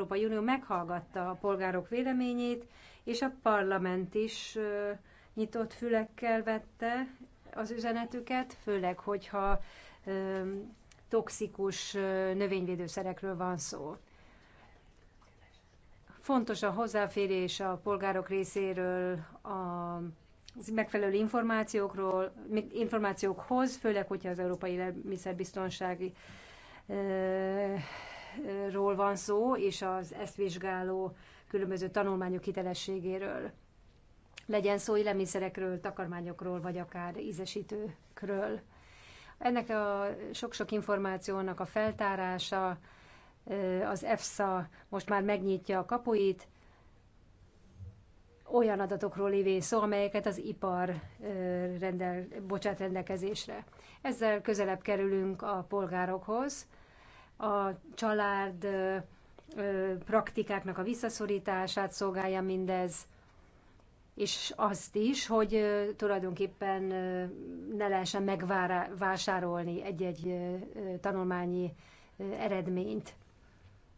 Európai Unió meghallgatta a polgárok véleményét, és a parlament is nyitott fülekkel vette az üzenetüket, főleg, hogyha toxikus növényvédőszerekről van szó. Fontos a hozzáférés a polgárok részéről a megfelelő információkról, információkhoz, főleg, hogyha az európai biztonsági ról van szó, és az ezt vizsgáló különböző tanulmányok hitelességéről. Legyen szó élelmiszerekről, takarmányokról, vagy akár ízesítőkről. Ennek a sok-sok információnak a feltárása, az EFSA most már megnyitja a kapuit, olyan adatokról lévén szó, amelyeket az ipar rendel, bocsát rendelkezésre. Ezzel közelebb kerülünk a polgárokhoz, a család praktikáknak a visszaszorítását szolgálja mindez, és azt is, hogy tulajdonképpen ne lehessen megvásárolni egy-egy tanulmányi eredményt,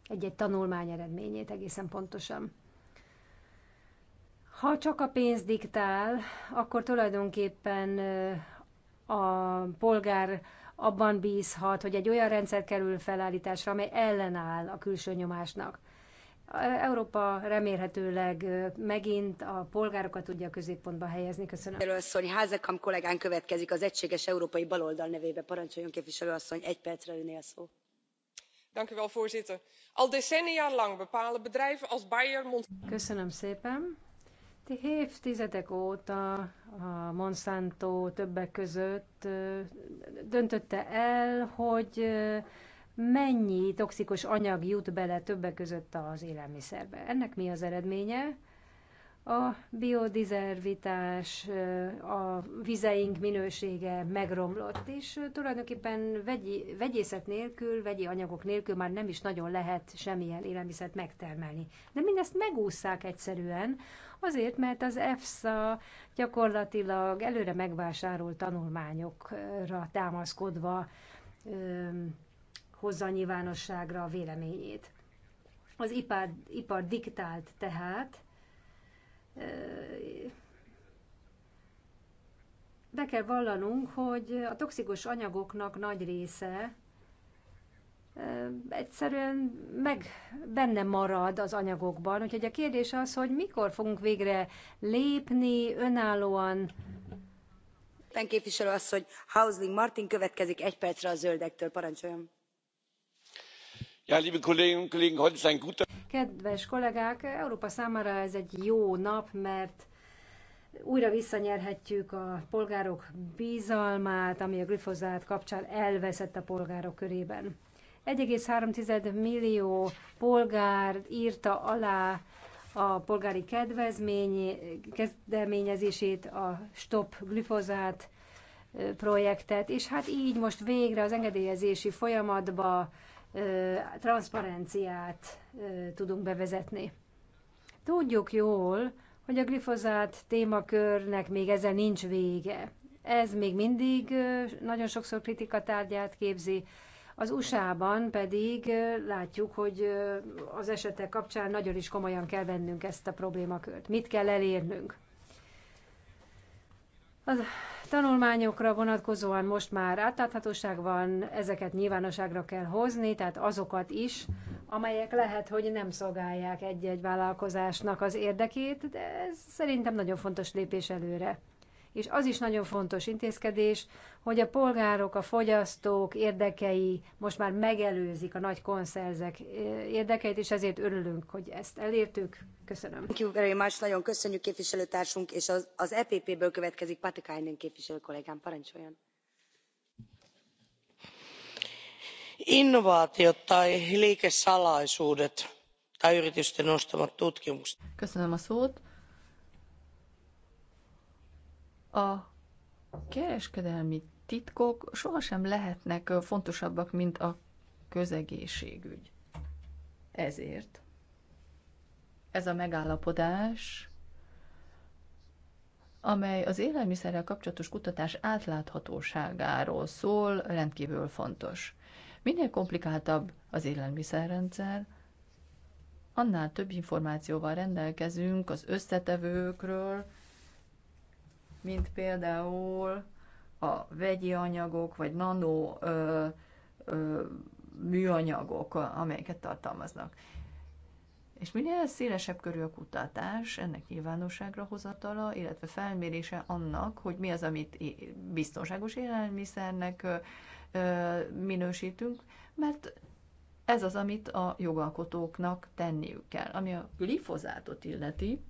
egy-egy tanulmány eredményét egészen pontosan. Ha csak a pénz diktál, akkor tulajdonképpen a polgár abban bízhat, hogy egy olyan rendszer kerül felállításra, amely ellenáll a külső nyomásnak. Európa remélhetőleg megint a polgárokat tudja a középpontba helyezni. Köszönöm. Először Házekam kollégán következik az Egységes Európai Baloldal nevébe. Parancsoljon képviselő asszony, egy percre önél szó. Köszönöm szépen. Évtizedek óta a Monsanto többek között döntötte el, hogy mennyi toxikus anyag jut bele többek között az élelmiszerbe. Ennek mi az eredménye? a biodizervitás, a vizeink minősége megromlott, és tulajdonképpen vegyi, vegyészet nélkül, vegyi anyagok nélkül már nem is nagyon lehet semmilyen élelmiszert megtermelni. De mindezt megúszszák egyszerűen, azért, mert az EFSA gyakorlatilag előre megvásárolt tanulmányokra támaszkodva hozza nyilvánosságra a véleményét. Az ipar, ipar diktált tehát, be kell vallanunk, hogy a toxikus anyagoknak nagy része egyszerűen meg benne marad az anyagokban. Úgyhogy a kérdés az, hogy mikor fogunk végre lépni önállóan. Ben képviselő asszony, Housing Martin következik egy percre a zöldektől. Parancsoljon! Kedves kollégák, Európa számára ez egy jó nap, mert újra visszanyerhetjük a polgárok bizalmát, ami a glifozát kapcsán elveszett a polgárok körében. 1,3 millió polgár írta alá a polgári kedvezmény kezdeményezését, a Stop Glifozát eh, projektet, és hát így most végre az engedélyezési folyamatba transzparenciát tudunk bevezetni. Tudjuk jól, hogy a glifozát témakörnek még ezzel nincs vége. Ez még mindig nagyon sokszor kritika tárgyát képzi, az USA-ban pedig látjuk, hogy az esetek kapcsán nagyon is komolyan kell vennünk ezt a problémakört. Mit kell elérnünk? Az tanulmányokra vonatkozóan most már átláthatóság van, ezeket nyilvánosságra kell hozni, tehát azokat is, amelyek lehet, hogy nem szolgálják egy-egy vállalkozásnak az érdekét, de ez szerintem nagyon fontos lépés előre és az is nagyon fontos intézkedés, hogy a polgárok, a fogyasztók érdekei most már megelőzik a nagy konszerzek eh, érdekeit, és ezért örülünk, hogy ezt elértük. Köszönöm. Thank you very much. Nagyon köszönjük képviselőtársunk, és az, az EPP-ből következik Patikainen képviselő kollégám. Parancsoljon. Innovációt, tai liikesalaisuudet tai yritysten nostamat tutkimukset. Köszönöm a szót a kereskedelmi titkok sohasem lehetnek fontosabbak, mint a közegészségügy. Ezért ez a megállapodás, amely az élelmiszerrel kapcsolatos kutatás átláthatóságáról szól, rendkívül fontos. Minél komplikáltabb az élelmiszerrendszer, annál több információval rendelkezünk az összetevőkről, mint például a vegyi anyagok, vagy nano ö, ö, műanyagok, amelyeket tartalmaznak. És minél szélesebb körű a kutatás, ennek nyilvánosságra hozatala, illetve felmérése annak, hogy mi az, amit biztonságos élelmiszernek minősítünk, mert ez az, amit a jogalkotóknak tenniük kell. Ami a glifozátot illeti,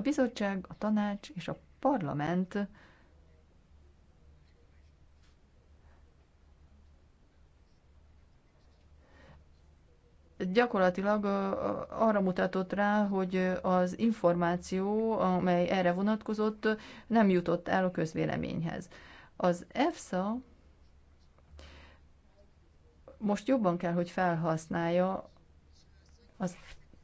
A bizottság, a tanács és a parlament gyakorlatilag arra mutatott rá, hogy az információ, amely erre vonatkozott, nem jutott el a közvéleményhez. Az EFSA most jobban kell, hogy felhasználja az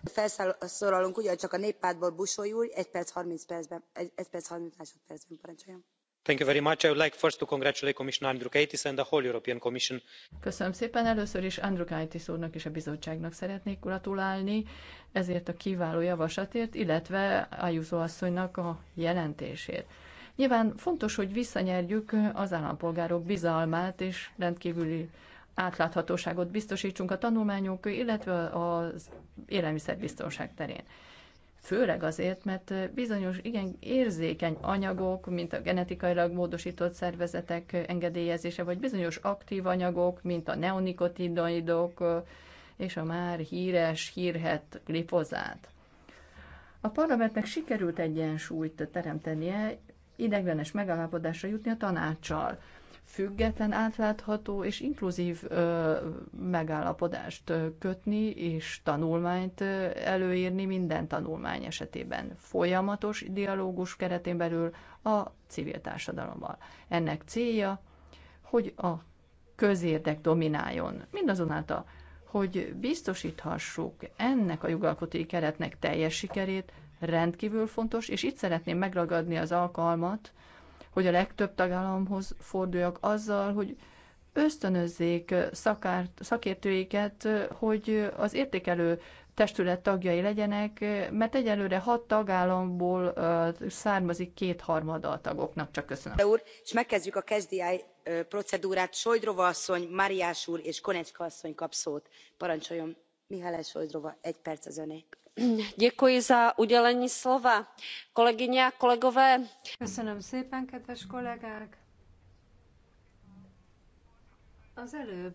felszólalunk ugyancsak a néppártból buoi úr egy perc thirty percben egy perc thirty másodpercben parancsoljon. Thank you very much. I would like first to congratulate Commissioner Andriukaitis and the whole European Commission. Köszönöm szépen először is Andriukaitis úrnak és a bizottságnak szeretnék gratulálni ezért a kiváló javaslatért, illetve Ayuso asszonynak a jelentésért. Nyilván fontos, hogy visszanyerjük az állampolgárok bizalmát és rendkívüli átláthatóságot biztosítsunk a tanulmányok, illetve az élelmiszerbiztonság terén. Főleg azért, mert bizonyos igen érzékeny anyagok, mint a genetikailag módosított szervezetek engedélyezése, vagy bizonyos aktív anyagok, mint a neonikotinoidok, és a már híres, hírhet glifozát. A parlamentnek sikerült egyensúlyt teremtenie, ideglenes megállapodásra jutni a tanácssal független, átlátható és inkluzív megállapodást kötni és tanulmányt előírni minden tanulmány esetében folyamatos dialógus keretén belül a civil társadalommal. Ennek célja, hogy a közérdek domináljon. Mindazonáltal, hogy biztosíthassuk ennek a jogalkotói keretnek teljes sikerét, rendkívül fontos, és itt szeretném megragadni az alkalmat, hogy a legtöbb tagállamhoz forduljak azzal, hogy ösztönözzék szakárt, szakértőiket, hogy az értékelő testület tagjai legyenek, mert egyelőre hat tagállamból származik kétharmada a tagoknak. Csak köszönöm. Úr, és megkezdjük a KSDI procedúrát. Sojdrova asszony, Mariás úr és Konecska asszony kap szót. Parancsoljon, Mihály Sojdrova, egy perc az önék Köszönöm szépen, kedves kollégák! Az előbb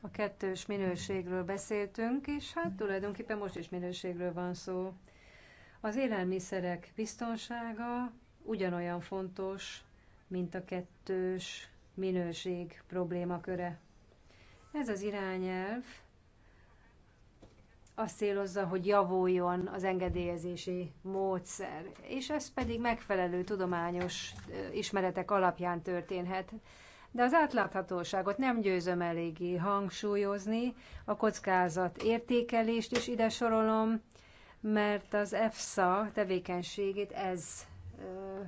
a kettős minőségről beszéltünk, és hát tulajdonképpen most is minőségről van szó. Az élelmiszerek biztonsága ugyanolyan fontos, mint a kettős minőség problémaköre. Ez az irányelv azt célozza, hogy javuljon az engedélyezési módszer, és ez pedig megfelelő tudományos ismeretek alapján történhet. De az átláthatóságot nem győzöm eléggé hangsúlyozni, a kockázat értékelést is ide sorolom, mert az EFSA tevékenységét ez ö,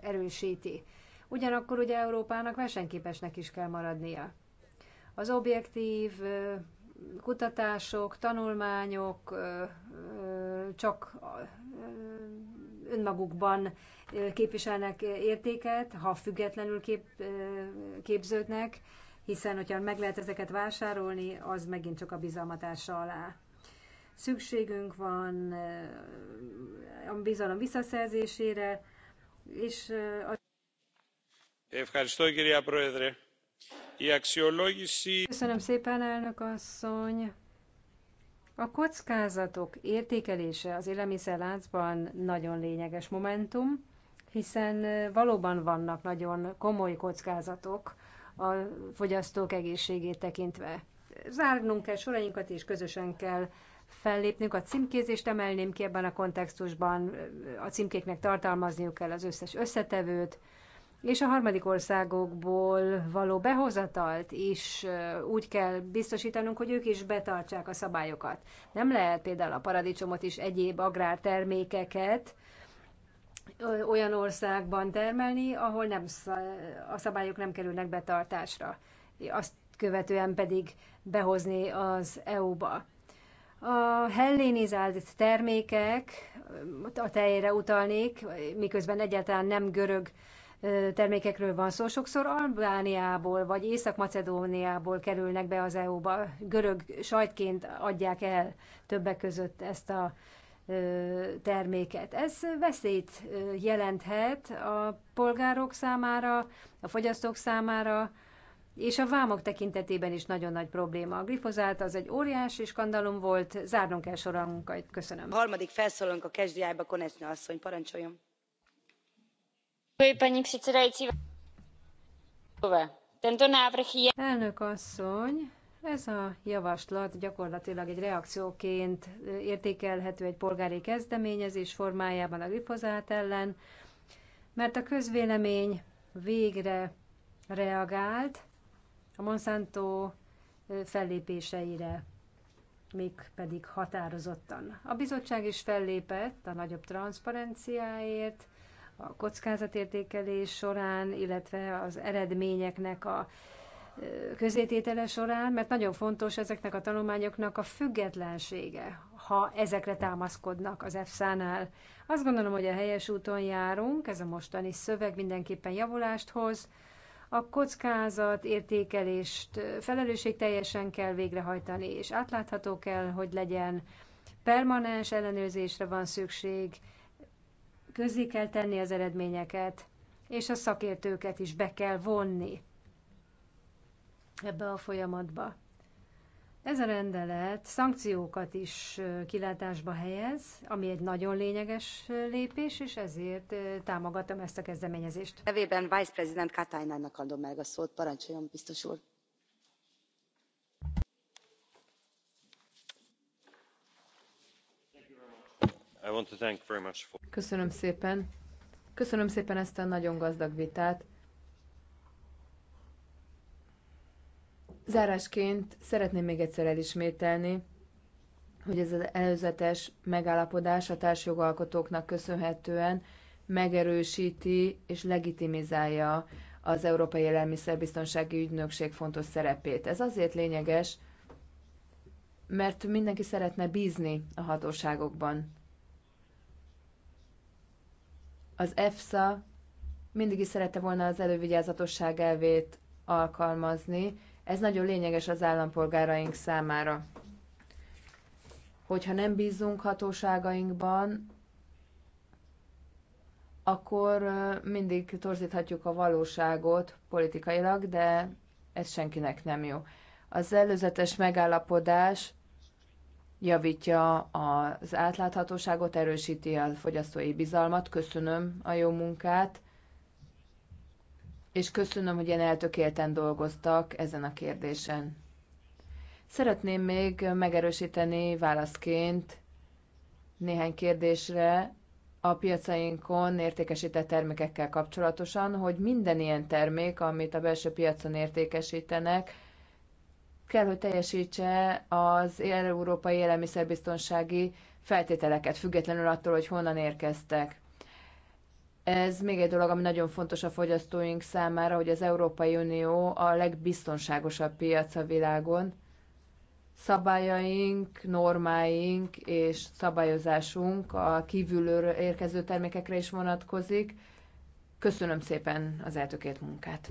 erősíti. Ugyanakkor ugye Európának versenyképesnek is kell maradnia. Az objektív kutatások, tanulmányok csak önmagukban képviselnek értéket, ha függetlenül kép, képződnek, hiszen hogyha meg lehet ezeket vásárolni, az megint csak a bizalmatása alá. Szükségünk van a bizalom visszaszerzésére, és a... Köszönöm, Köszönöm szépen, elnök asszony. A kockázatok értékelése az élelmiszerláncban nagyon lényeges momentum, hiszen valóban vannak nagyon komoly kockázatok a fogyasztók egészségét tekintve. Zárnunk kell sorainkat, és közösen kell fellépnünk. A címkézést emelném ki ebben a kontextusban, a címkéknek tartalmazniuk kell az összes összetevőt, és a harmadik országokból való behozatalt is úgy kell biztosítanunk, hogy ők is betartsák a szabályokat. Nem lehet például a paradicsomot és egyéb agrártermékeket olyan országban termelni, ahol nem, a szabályok nem kerülnek betartásra. Azt követően pedig behozni az EU-ba. A hellénizált termékek, a tejre utalnék, miközben egyáltalán nem görög termékekről van szó. Sokszor Albániából vagy Észak-Macedóniából kerülnek be az EU-ba. Görög sajtként adják el többek között ezt a terméket. Ez veszélyt jelenthet a polgárok számára, a fogyasztók számára, és a vámok tekintetében is nagyon nagy probléma. A glifozát az egy óriási skandalum volt, zárnunk kell sorunkat. Köszönöm. A harmadik felszólalunk a Kesdiájba, Konecsne asszony, parancsoljon paní předsedající tento návrh je. elnök asszony ez a javaslat gyakorlatilag egy reakcióként értékelhető egy polgári kezdeményezés formájában a glifozát ellen, mert a közvélemény végre reagált a Monsanto fellépéseire, még pedig határozottan. A bizottság is fellépett a nagyobb transzparenciáért, a kockázatértékelés során, illetve az eredményeknek a közététele során, mert nagyon fontos ezeknek a tanulmányoknak a függetlensége, ha ezekre támaszkodnak az EFSA-nál. Azt gondolom, hogy a helyes úton járunk, ez a mostani szöveg mindenképpen javulást hoz, a kockázat értékelést teljesen kell végrehajtani, és átlátható kell, hogy legyen permanens ellenőrzésre van szükség, Közzé kell tenni az eredményeket, és a szakértőket is be kell vonni ebbe a folyamatba. Ez a rendelet szankciókat is kilátásba helyez, ami egy nagyon lényeges lépés, és ezért támogatom ezt a kezdeményezést. Nevében Vice President Katainannak adom meg a szót, parancsoljon biztos úr. Köszönöm szépen. Köszönöm szépen ezt a nagyon gazdag vitát. Zárásként szeretném még egyszer elismételni, hogy ez az előzetes megállapodás a társjogalkotóknak köszönhetően megerősíti és legitimizálja az Európai Élelmiszerbiztonsági Ügynökség fontos szerepét. Ez azért lényeges, mert mindenki szeretne bízni a hatóságokban. Az EFSA mindig is szerette volna az elővigyázatosság elvét alkalmazni. Ez nagyon lényeges az állampolgáraink számára. Hogyha nem bízunk hatóságainkban, akkor mindig torzíthatjuk a valóságot politikailag, de ez senkinek nem jó. Az előzetes megállapodás javítja az átláthatóságot, erősíti a fogyasztói bizalmat. Köszönöm a jó munkát, és köszönöm, hogy ilyen eltökélten dolgoztak ezen a kérdésen. Szeretném még megerősíteni válaszként néhány kérdésre a piacainkon értékesített termékekkel kapcsolatosan, hogy minden ilyen termék, amit a belső piacon értékesítenek, kell, hogy teljesítse az európai élelmiszerbiztonsági feltételeket, függetlenül attól, hogy honnan érkeztek. Ez még egy dolog, ami nagyon fontos a fogyasztóink számára, hogy az Európai Unió a legbiztonságosabb piac a világon. Szabályaink, normáink és szabályozásunk a kívülről érkező termékekre is vonatkozik. Köszönöm szépen az eltökélt munkát.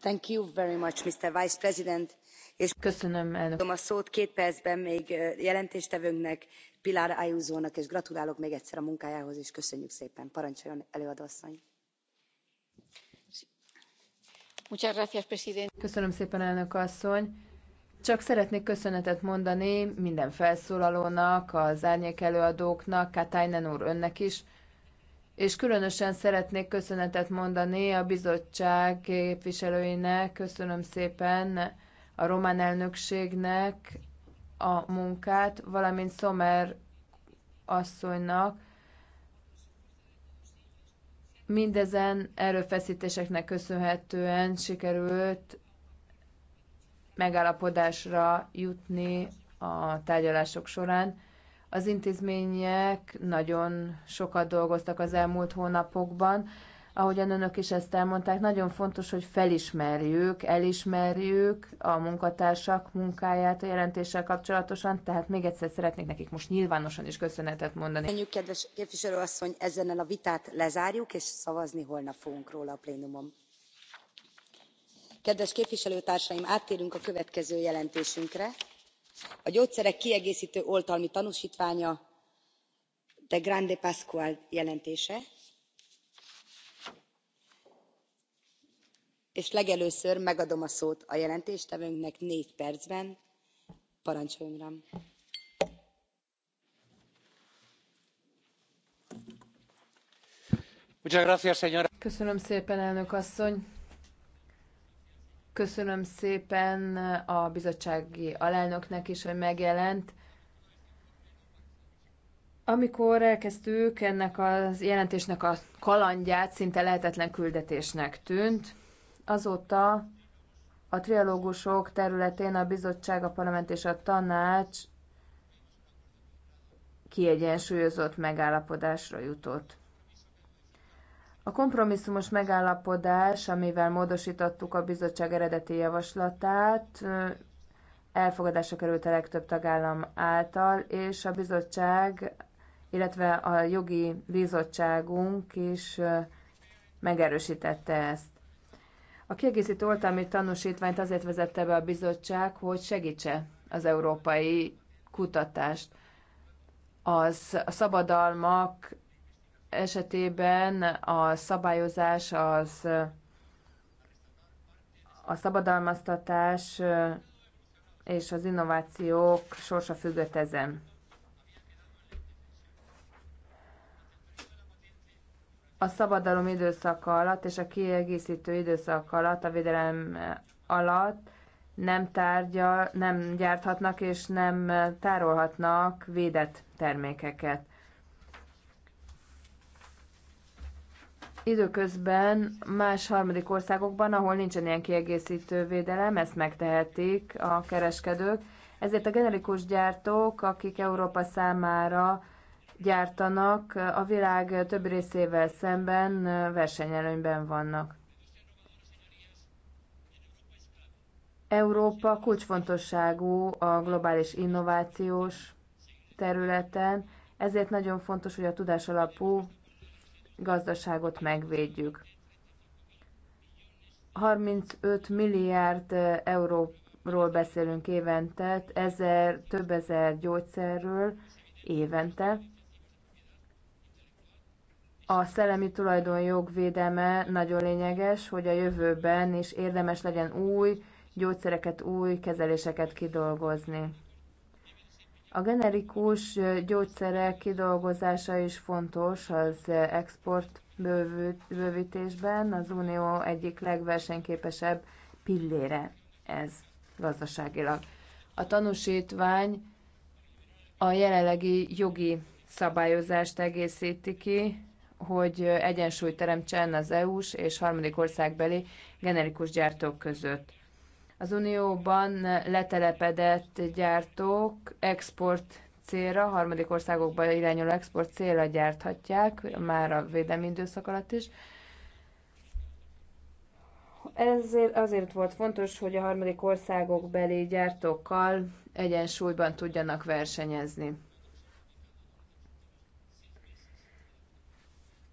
Thank you very much, Mr. Vice President és köszönöm elnök a szót két percben még jelentéstevőnknek pilar ayusonak és gratulálok még egyszer a munkájához és köszönjük szépen. parancsoljon előadó asszony! köszönöm szépen elnök asszony! Csak szeretnék köszönetet mondani minden felszólalónak, az árnyék előadóknak, Katainen úr önnek is, és különösen szeretnék köszönetet mondani a bizottság képviselőinek. Köszönöm szépen a román elnökségnek a munkát, valamint Szomer asszonynak, mindezen erőfeszítéseknek köszönhetően sikerült megállapodásra jutni a tárgyalások során. Az intézmények nagyon sokat dolgoztak az elmúlt hónapokban, ahogyan önök is ezt elmondták, nagyon fontos, hogy felismerjük, elismerjük a munkatársak munkáját a jelentéssel kapcsolatosan, tehát még egyszer szeretnék nekik most nyilvánosan is köszönetet mondani. Köszönjük, kedves képviselőasszony, ezzel a vitát lezárjuk, és szavazni holnap fogunk róla a plénumon. Kedves képviselőtársaim, áttérünk a következő jelentésünkre. A gyógyszerek kiegészítő oltalmi tanúsítványa de Grande Pascual jelentése és legelőször megadom a szót a jelentéstevőnknek négy percben parancsoljon uram! Köszönöm szépen, elnök asszony! Köszönöm szépen a bizottsági alelnöknek is, hogy megjelent. Amikor elkezdtük, ennek a jelentésnek a kalandját szinte lehetetlen küldetésnek tűnt. Azóta a trialógusok területén a bizottság, a parlament és a tanács kiegyensúlyozott megállapodásra jutott. A kompromisszumos megállapodás, amivel módosítottuk a bizottság eredeti javaslatát, elfogadásra került a legtöbb tagállam által, és a bizottság, illetve a jogi bizottságunk is megerősítette ezt. A kiegészítő oltalmi tanúsítványt azért vezette be a bizottság, hogy segítse az európai kutatást. Az a szabadalmak esetében a szabályozás az a szabadalmaztatás és az innovációk sorsa függött ezen. a szabadalom időszaka alatt és a kiegészítő időszak alatt, a védelem alatt nem tárgyal, nem gyárthatnak és nem tárolhatnak védett termékeket. Időközben más harmadik országokban, ahol nincsen ilyen kiegészítő védelem, ezt megtehetik a kereskedők, ezért a generikus gyártók, akik Európa számára gyártanak, a világ több részével szemben versenyelőnyben vannak. Európa kulcsfontosságú a globális innovációs területen, ezért nagyon fontos, hogy a tudásalapú gazdaságot megvédjük. 35 milliárd euróról beszélünk évente, ezer, több ezer gyógyszerről évente a szellemi tulajdonjog védelme nagyon lényeges, hogy a jövőben is érdemes legyen új gyógyszereket, új kezeléseket kidolgozni. A generikus gyógyszerek kidolgozása is fontos az export bővítésben, az Unió egyik legversenyképesebb pillére ez gazdaságilag. A tanúsítvány a jelenlegi jogi szabályozást egészíti ki, hogy egyensúlyt teremtsen az EU-s és harmadik országbeli generikus gyártók között. Az Unióban letelepedett gyártók export célra, harmadik országokba irányuló export célra gyárthatják, már a védelmi időszak alatt is. Ezért azért volt fontos, hogy a harmadik országok beli gyártókkal egyensúlyban tudjanak versenyezni.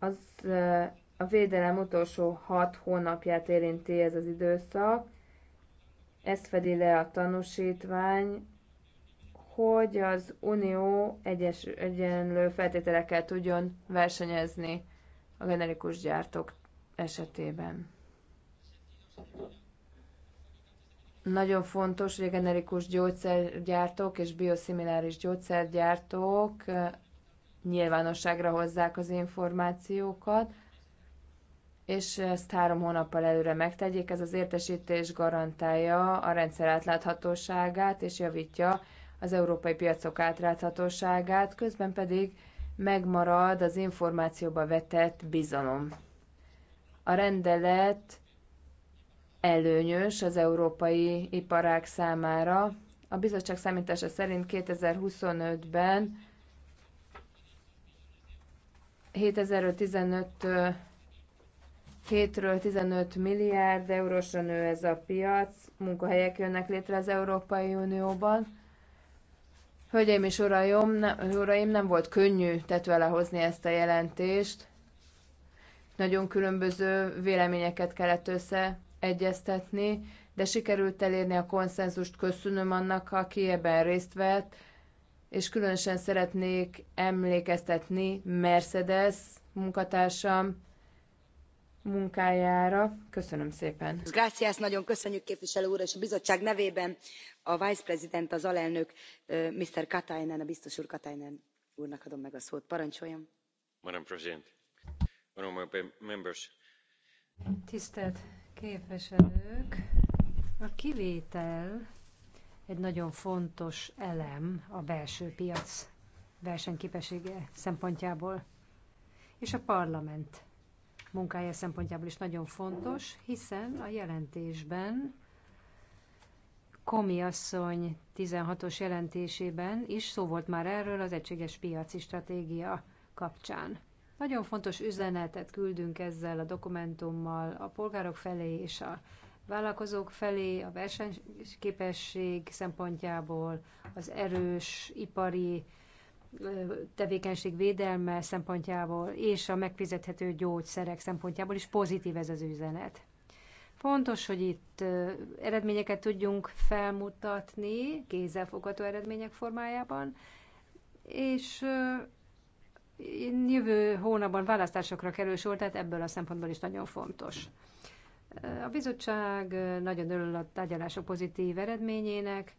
Az a védelem utolsó hat hónapját érinti ez az időszak. Ezt fedi le a tanúsítvány, hogy az Unió egyes, egyenlő feltételekkel tudjon versenyezni a generikus gyártók esetében. Nagyon fontos, hogy a generikus gyógyszergyártók és bioszimiláris gyógyszergyártók nyilvánosságra hozzák az információkat, és ezt három hónappal előre megtegyék. Ez az értesítés garantálja a rendszer átláthatóságát és javítja az európai piacok átláthatóságát, közben pedig megmarad az információba vetett bizalom. A rendelet előnyös az európai iparák számára. A bizottság számítása szerint 2025-ben 7000-ről 15 7-ről 15 milliárd eurósra nő ez a piac, munkahelyek jönnek létre az Európai Unióban. Hölgyeim és uraim, ne, uraim, nem volt könnyű tetve hozni ezt a jelentést. Nagyon különböző véleményeket kellett összeegyeztetni, de sikerült elérni a konszenzust. Köszönöm annak, aki ebben részt vett, és különösen szeretnék emlékeztetni Mercedes munkatársam munkájára. Köszönöm szépen. Gracias, nagyon köszönjük képviselő úr, és a bizottság nevében a vice president, az alelnök, Mr. Katainen, a biztos úr Katainen úrnak adom meg a szót. Parancsoljon. Madam President, honorable members. Tisztelt képviselők, a kivétel egy nagyon fontos elem a belső piac versenyképessége szempontjából, és a parlament munkája szempontjából is nagyon fontos, hiszen a jelentésben Komi asszony 16-os jelentésében is szó volt már erről az egységes piaci stratégia kapcsán. Nagyon fontos üzenetet küldünk ezzel a dokumentummal a polgárok felé és a vállalkozók felé, a versenyképesség szempontjából, az erős ipari tevékenység védelme szempontjából és a megfizethető gyógyszerek szempontjából is pozitív ez az üzenet. Fontos, hogy itt eredményeket tudjunk felmutatni kézzelfogható eredmények formájában, és jövő hónapban választásokra kerül sor, tehát ebből a szempontból is nagyon fontos. A bizottság nagyon örül a tárgyalások pozitív eredményének.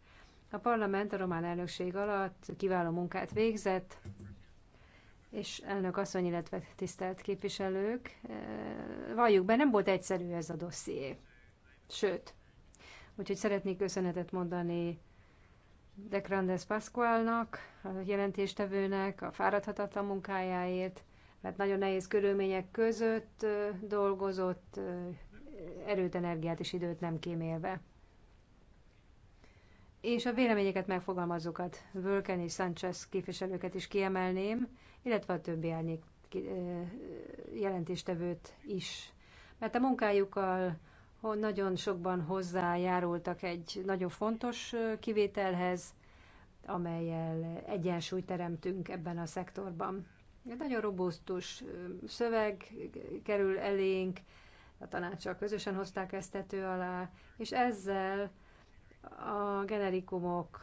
A parlament a román elnökség alatt kiváló munkát végzett, és elnök asszony, illetve tisztelt képviselők, valljuk be, nem volt egyszerű ez a dosszié. Sőt, úgyhogy szeretnék köszönetet mondani de Grandes Pasqualnak, a jelentéstevőnek, a fáradhatatlan munkájáért, mert nagyon nehéz körülmények között dolgozott, erőt, energiát és időt nem kímélve. És a véleményeket megfogalmazókat, Völken és Sanchez képviselőket is kiemelném, illetve a többi árnyék jelentéstevőt is. Mert a munkájukkal nagyon sokban hozzájárultak egy nagyon fontos kivételhez, amelyel egyensúlyt teremtünk ebben a szektorban. Egy nagyon robusztus szöveg kerül elénk, a tanácsal közösen hozták ezt tető alá, és ezzel a generikumok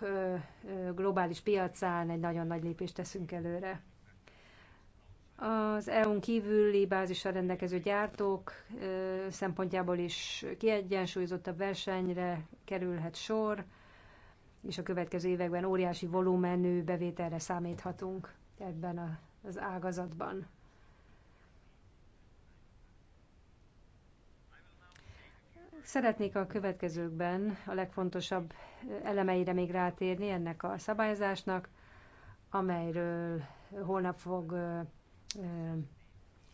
globális piacán egy nagyon nagy lépést teszünk előre. Az EU-n kívüli bázisra rendelkező gyártók szempontjából is kiegyensúlyozottabb versenyre kerülhet sor, és a következő években óriási volumenű bevételre számíthatunk ebben az ágazatban. Szeretnék a következőkben a legfontosabb elemeire még rátérni ennek a szabályozásnak, amelyről holnap fog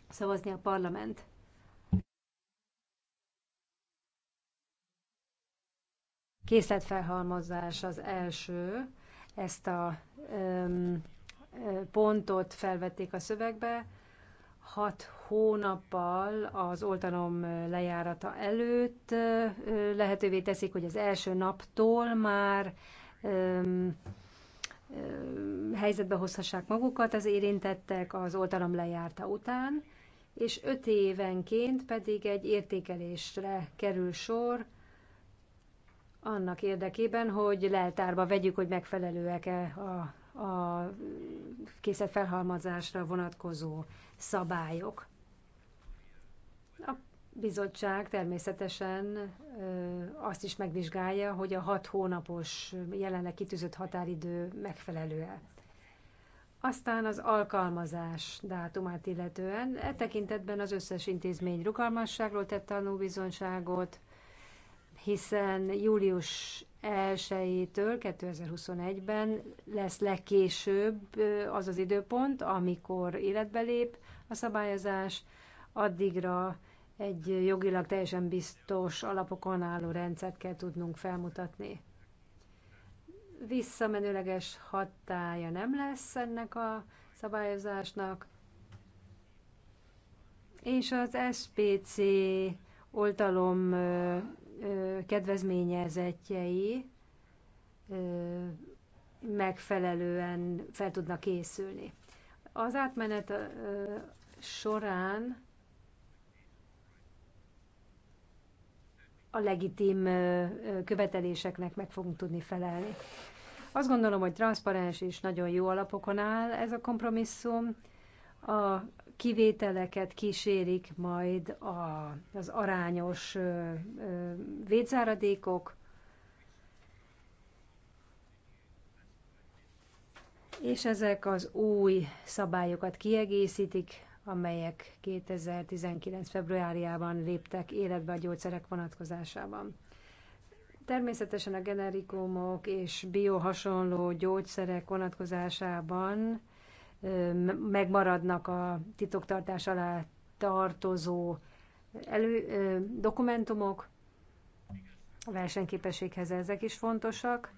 szavazni a parlament. Készletfelhalmozás az első, ezt a pontot felvették a szövegbe, hat hónappal az oltalom lejárata előtt lehetővé teszik, hogy az első naptól már helyzetbe hozhassák magukat az érintettek az oltalom lejárta után, és öt évenként pedig egy értékelésre kerül sor, annak érdekében, hogy leltárba vegyük, hogy megfelelőek-e a, a készlet felhalmazásra vonatkozó szabályok. A bizottság természetesen azt is megvizsgálja, hogy a hat hónapos jelenleg kitűzött határidő megfelelő-e. Aztán az alkalmazás dátumát illetően e tekintetben az összes intézmény rugalmasságról tett tanúbizonyságot, hiszen július 1-től 2021-ben lesz legkésőbb az az időpont, amikor életbe lép a szabályozás, addigra egy jogilag teljesen biztos alapokon álló rendszert kell tudnunk felmutatni. Visszamenőleges hatája nem lesz ennek a szabályozásnak, és az SPC oltalom kedvezményezetjei megfelelően fel tudnak készülni. Az átmenet során a legitim követeléseknek meg fogunk tudni felelni. Azt gondolom, hogy transzparens és nagyon jó alapokon áll ez a kompromisszum. A kivételeket kísérik majd a, az arányos ö, ö, védzáradékok, és ezek az új szabályokat kiegészítik, amelyek 2019. februárjában léptek életbe a gyógyszerek vonatkozásában. Természetesen a generikumok és biohasonló gyógyszerek vonatkozásában megmaradnak a titoktartás alá tartozó elő, dokumentumok, a versenyképességhez ezek is fontosak.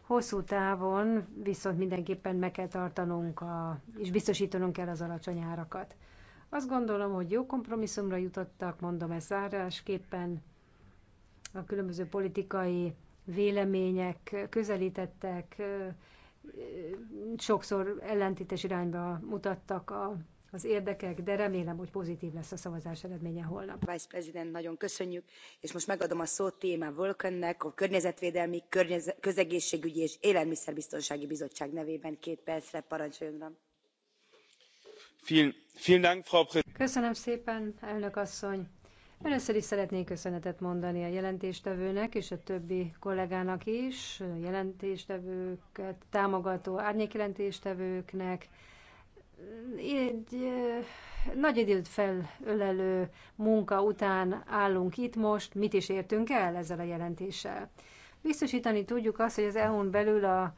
Hosszú távon viszont mindenképpen meg kell tartanunk, a, és biztosítanunk kell az alacsony árakat. Azt gondolom, hogy jó kompromisszumra jutottak, mondom ezt zárásképpen. A különböző politikai vélemények közelítettek, sokszor ellentétes irányba mutattak a, az érdekek, de remélem, hogy pozitív lesz a szavazás eredménye holnap. Vice President, nagyon köszönjük, és most megadom a szót Téma Völkönnek, a Környezetvédelmi, Környez- Közegészségügyi és Élelmiszerbiztonsági Bizottság nevében két percre parancsoljon. Köszönöm szépen, elnök asszony! Először is szeretnék köszönetet mondani a jelentéstevőnek és a többi kollégának is, jelentéstevőket támogató árnyékjelentéstevőknek. Egy nagy időt felölelő munka után állunk itt most, mit is értünk el ezzel a jelentéssel. biztostani tudjuk azt, hogy az EU-n belül a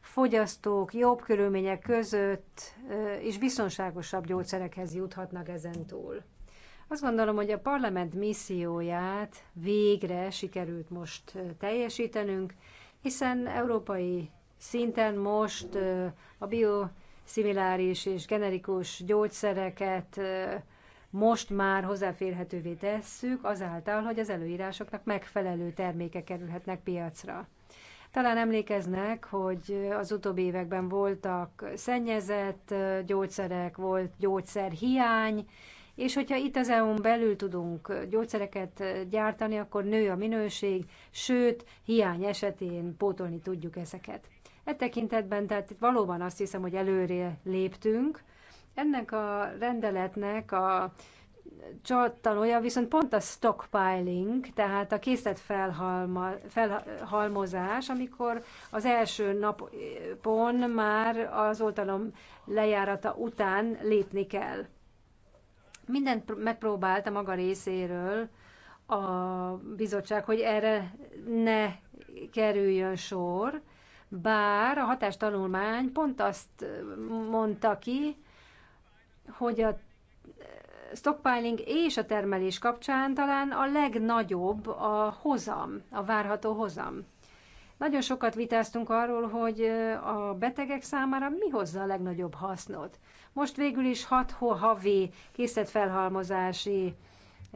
fogyasztók jobb körülmények között és biztonságosabb gyógyszerekhez juthatnak ezentúl. Azt gondolom, hogy a parlament misszióját végre sikerült most teljesítenünk, hiszen európai szinten most a bioszimiláris és generikus gyógyszereket most már hozzáférhetővé tesszük azáltal, hogy az előírásoknak megfelelő termékek kerülhetnek piacra. Talán emlékeznek, hogy az utóbbi években voltak szennyezett gyógyszerek, volt gyógyszerhiány, és hogyha itt az EU-n belül tudunk gyógyszereket gyártani, akkor nő a minőség, sőt, hiány esetén pótolni tudjuk ezeket. E tekintetben, tehát itt valóban azt hiszem, hogy előre léptünk. Ennek a rendeletnek a csattanója viszont pont a stockpiling, tehát a készlet felhalma, felhalmozás, amikor az első napon már az oltalom lejárata után lépni kell. Mindent megpróbált a maga részéről a bizottság, hogy erre ne kerüljön sor, bár a hatástanulmány pont azt mondta ki, hogy a stockpiling és a termelés kapcsán talán a legnagyobb a hozam, a várható hozam. Nagyon sokat vitáztunk arról, hogy a betegek számára mi hozza a legnagyobb hasznot. Most végül is 6 havi készletfelhalmozási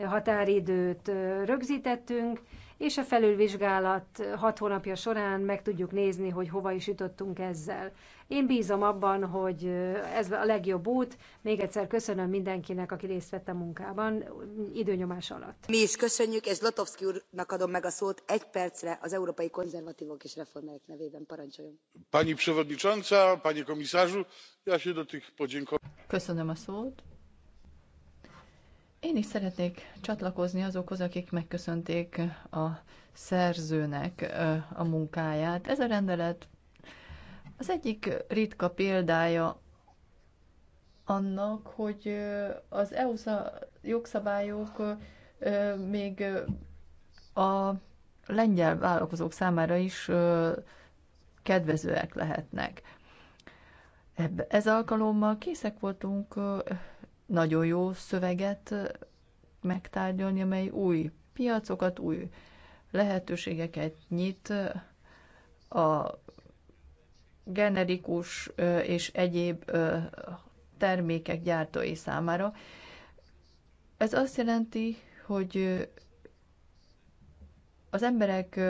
határidőt rögzítettünk, és a felülvizsgálat hat hónapja során meg tudjuk nézni, hogy hova is jutottunk ezzel. Én bízom abban, hogy ez a legjobb út. Még egyszer köszönöm mindenkinek, aki részt vett a munkában időnyomás alatt. Mi is köszönjük, és Latovszki úrnak adom meg a szót egy percre az Európai Konzervatívok és Reformerek nevében. Parancsoljon. Pani przewodnicząca, pani komisarzu, ja się do tych podziękowań. Köszönöm a szót. Én is szeretnék csatlakozni azokhoz, akik megköszönték a szerzőnek a munkáját. Ez a rendelet az egyik ritka példája annak, hogy az EU jogszabályok még a lengyel vállalkozók számára is kedvezőek lehetnek. Ez alkalommal készek voltunk nagyon jó szöveget megtárgyalni, amely új piacokat, új lehetőségeket nyit a generikus és egyéb termékek gyártói számára. Ez azt jelenti, hogy az emberek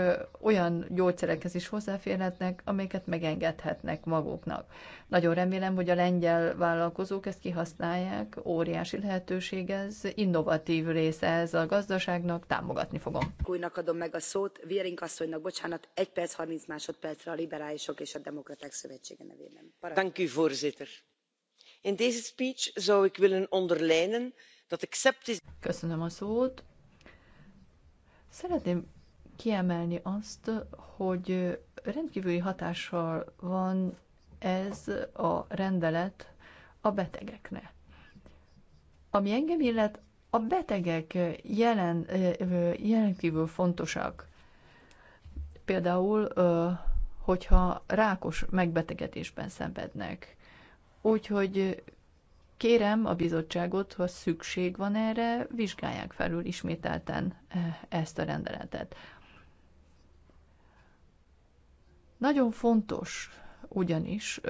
olyan gyógyszerekhez is hozzáférhetnek, amelyeket megengedhetnek maguknak. Nagyon remélem, hogy a lengyel vállalkozók ezt kihasználják, óriási lehetőség ez, innovatív része ez a gazdaságnak, támogatni fogom. Újnak adom meg a szót, Vérink asszonynak, bocsánat, 1 perc 30 másodpercre a Liberálisok és a Demokraták Szövetsége nevében. Thank you, voorzitter. In this speech zou ik willen onderlijnen dat acceptis. Köszönöm a szót. Szeretném kiemelni azt, hogy rendkívüli hatással van ez a rendelet a betegekre. Ami engem illet, a betegek jelen, jelenkívül fontosak. Például, hogyha rákos megbetegedésben szenvednek. Úgyhogy kérem a bizottságot, ha szükség van erre, vizsgálják felül ismételten ezt a rendeletet. Nagyon fontos ugyanis,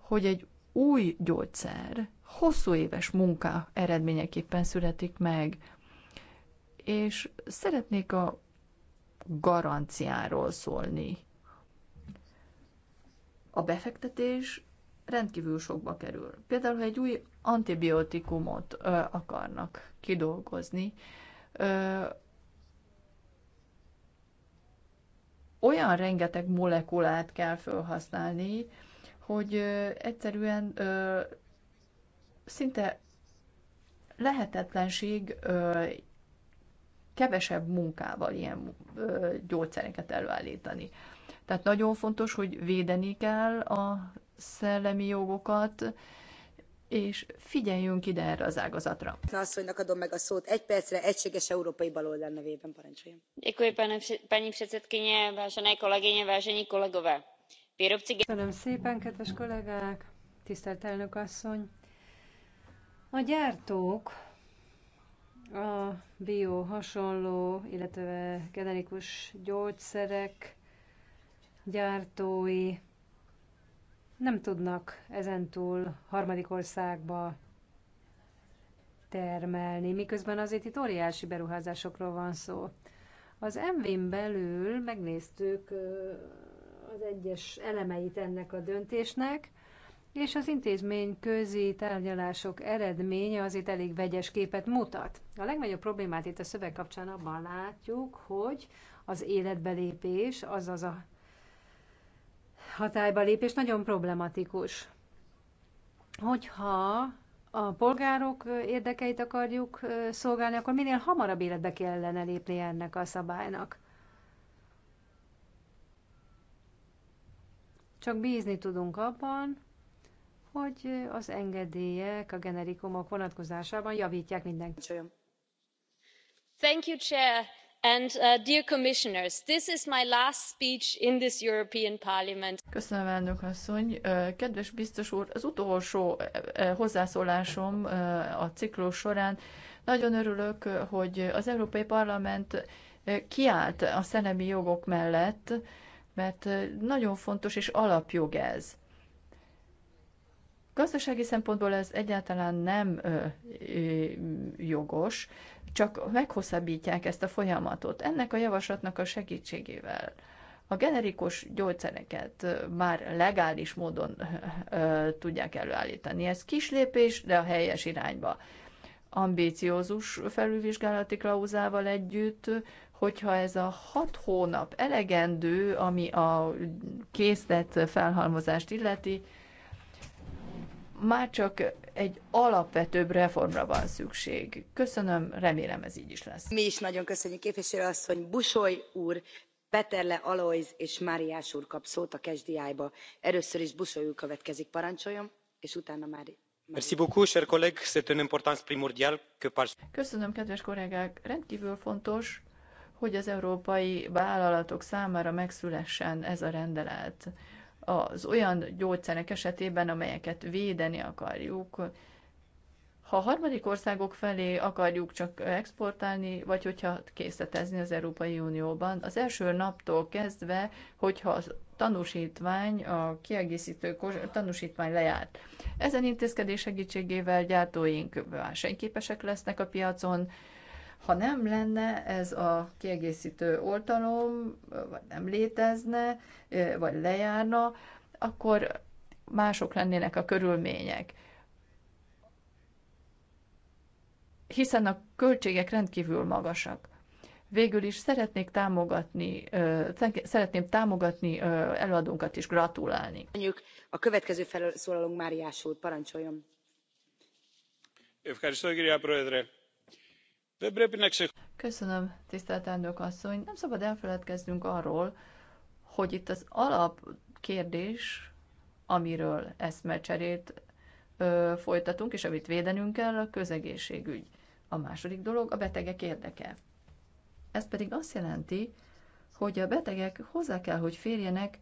hogy egy új gyógyszer hosszú éves munka eredményeképpen születik meg, és szeretnék a garanciáról szólni. A befektetés rendkívül sokba kerül. Például, ha egy új antibiotikumot ö, akarnak kidolgozni, ö, olyan rengeteg molekulát kell felhasználni, hogy egyszerűen szinte lehetetlenség kevesebb munkával ilyen gyógyszereket előállítani. Tehát nagyon fontos, hogy védeni kell a szellemi jogokat, és figyeljünk ide erre az ágazatra. Na asszonynak adom meg a szót egy percre egységes európai baloldal nevében parancsoljon. Köszönöm szépen, kedves kollégák, tisztelt elnök asszony. A gyártók a bio hasonló, illetve generikus gyógyszerek gyártói nem tudnak ezentúl harmadik országba termelni, miközben azért itt óriási beruházásokról van szó. Az MV-n belül megnéztük az egyes elemeit ennek a döntésnek, és az intézmény közi tárgyalások eredménye azért elég vegyes képet mutat. A legnagyobb problémát itt a szöveg kapcsán abban látjuk, hogy az életbelépés, azaz a hatályba lépés nagyon problematikus. Hogyha a polgárok érdekeit akarjuk szolgálni, akkor minél hamarabb életbe kellene lépni ennek a szabálynak. Csak bízni tudunk abban, hogy az engedélyek a generikumok vonatkozásában javítják mindenkit. Thank you, Chair and uh, dear commissioners this is my last speech in this european parliament. köszönöm elnök asszony kedves biztos úr az utolsó hozzászólásom a ciklus során nagyon örülök hogy az európai parlament kiállt a szellemi jogok mellett mert nagyon fontos és alapjog ez. Gazdasági szempontból ez egyáltalán nem ö, ö, jogos, csak meghosszabbítják ezt a folyamatot. Ennek a javaslatnak a segítségével a generikus gyógyszereket már legális módon ö, tudják előállítani. Ez kis lépés, de a helyes irányba. Ambíciózus felülvizsgálati klauzával együtt, hogyha ez a hat hónap elegendő, ami a készlet felhalmozást illeti, már csak egy alapvetőbb reformra van szükség. Köszönöm, remélem ez így is lesz. Mi is nagyon köszönjük képviselő asszony Busoly úr, Peterle Alois és Máriás úr kap szót a kezdiájba. Először is Busoly úr következik, parancsoljon, és utána már Merci Köszönöm, kedves kollégák! Rendkívül fontos, hogy az európai vállalatok számára megszülessen ez a rendelet az olyan gyógyszerek esetében, amelyeket védeni akarjuk. Ha a harmadik országok felé akarjuk csak exportálni, vagy hogyha készletezni az Európai Unióban, az első naptól kezdve, hogyha az tanúsítvány, a kiegészítő tanúsítvány lejárt. Ezen intézkedés segítségével gyártóink versenyképesek lesznek a piacon, ha nem lenne ez a kiegészítő oltalom, vagy nem létezne, vagy lejárna, akkor mások lennének a körülmények. Hiszen a költségek rendkívül magasak. Végül is szeretnék támogatni, szeretném támogatni előadónkat is gratulálni. A következő felszólalunk Máriás úr, parancsoljon. Köszönöm, Köszönöm, tisztelt elnök asszony. Nem szabad elfeledkeznünk arról, hogy itt az alap kérdés, amiről eszmecserét ö, folytatunk, és amit védenünk kell, a közegészségügy. A második dolog a betegek érdeke. Ez pedig azt jelenti, hogy a betegek hozzá kell, hogy férjenek